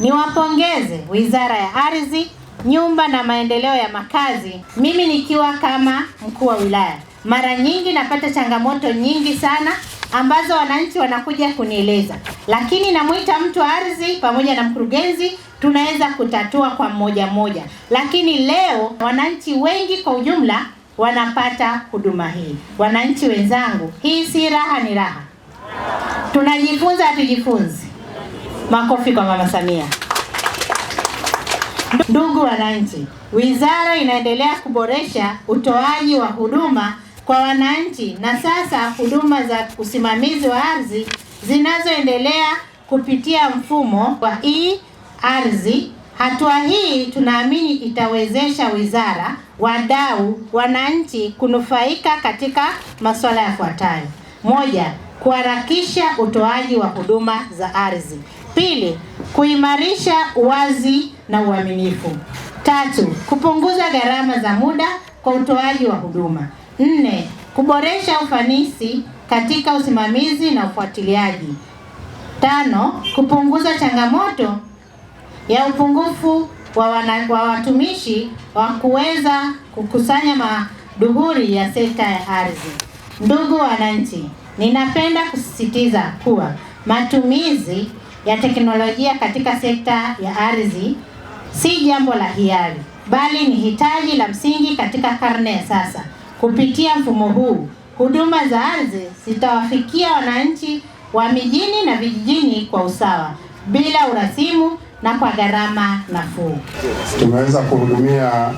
Niwapongeze Wizara ya Ardhi, Nyumba na Maendeleo ya Makazi. Mimi nikiwa kama mkuu wa wilaya, mara nyingi napata changamoto nyingi sana ambazo wananchi wanakuja kunieleza, lakini namwita mtu wa ardhi pamoja na mkurugenzi, tunaweza kutatua kwa mmoja mmoja. Lakini leo wananchi wengi kwa ujumla wanapata huduma hii. Wananchi wenzangu, hii si raha, ni raha. Tunajifunza, hatujifunzi Makofi kwa Mama Samia. Ndugu wananchi, wizara inaendelea kuboresha utoaji wa huduma kwa wananchi na sasa huduma za usimamizi wa ardhi zinazoendelea kupitia mfumo wa e-ardhi. Hatua hii tunaamini itawezesha wizara, wadau, wananchi kunufaika katika masuala yafuatayo: moja, kuharakisha utoaji wa huduma za ardhi. Pili, kuimarisha uwazi na uaminifu. Tatu, kupunguza gharama za muda kwa utoaji wa huduma. Nne, kuboresha ufanisi katika usimamizi na ufuatiliaji. Tano, kupunguza changamoto ya upungufu wa, wana, wa watumishi wa kuweza kukusanya maduhuri ya sekta ya ardhi. Ndugu wananchi, ninapenda kusisitiza kuwa matumizi ya teknolojia katika sekta ya ardhi si jambo la hiari, bali ni hitaji la msingi katika karne ya sasa. Kupitia mfumo huu, huduma za ardhi zitawafikia wananchi wa mijini na vijijini kwa usawa, bila urasimu na kwa gharama nafuu. Tumeweza kuhudumia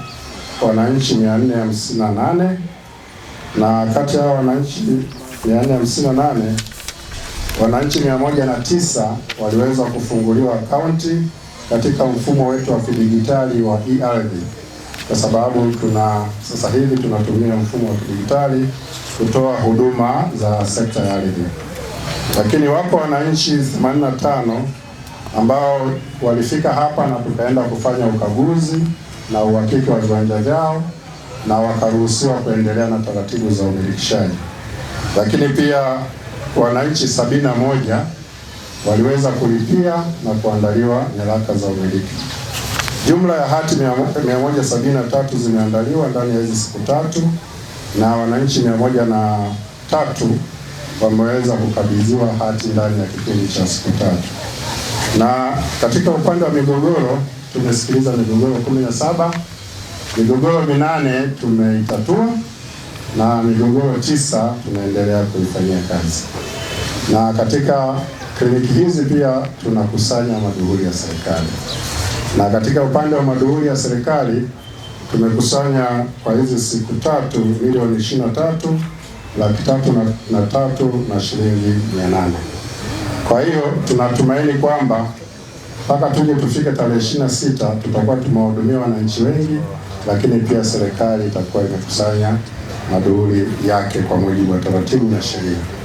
wananchi 458 na kati ya wananchi 458 wananchi tisa waliweza kufunguliwa akaunti katika mfumo wetu wa kidijitali wa e kwa sababu tuna sasa hivi tunatumia mfumo wa kidijitali kutoa huduma za sekta ya ardhi. Lakini wako wananchi 85 ambao walifika hapa na tukaenda kufanya ukaguzi na uhakiki wa viwanja vyao na wakaruhusiwa kuendelea na taratibu za umilikishaji, lakini pia wananchi sabini na moja waliweza kulipia na kuandaliwa nyaraka za umiliki. Jumla ya hati tatu zimeandaliwa ndani ya hizi siku tatu na wananchi moja na tatu wameweza kukabidhiwa hati ndani ya kipindi cha siku tatu. Na katika upande wa migogoro tumesikiliza migogoro 17, migogoro minane tumeitatua na migogoro tisa tunaendelea kuifanyia kazi, na katika kliniki hizi pia tunakusanya maduhuli ya serikali, na katika upande wa maduhuli ya serikali tumekusanya kwa hizi siku tatu milioni ishirini na tatu laki tatu na, na tatu na shilingi mia nane. Kwa hiyo tunatumaini kwamba mpaka tuje tufike tarehe ishirini na sita tutakuwa tumewahudumia wananchi wengi, lakini pia serikali itakuwa imekusanya maduhuli yake kwa mujibu wa taratibu na sheria.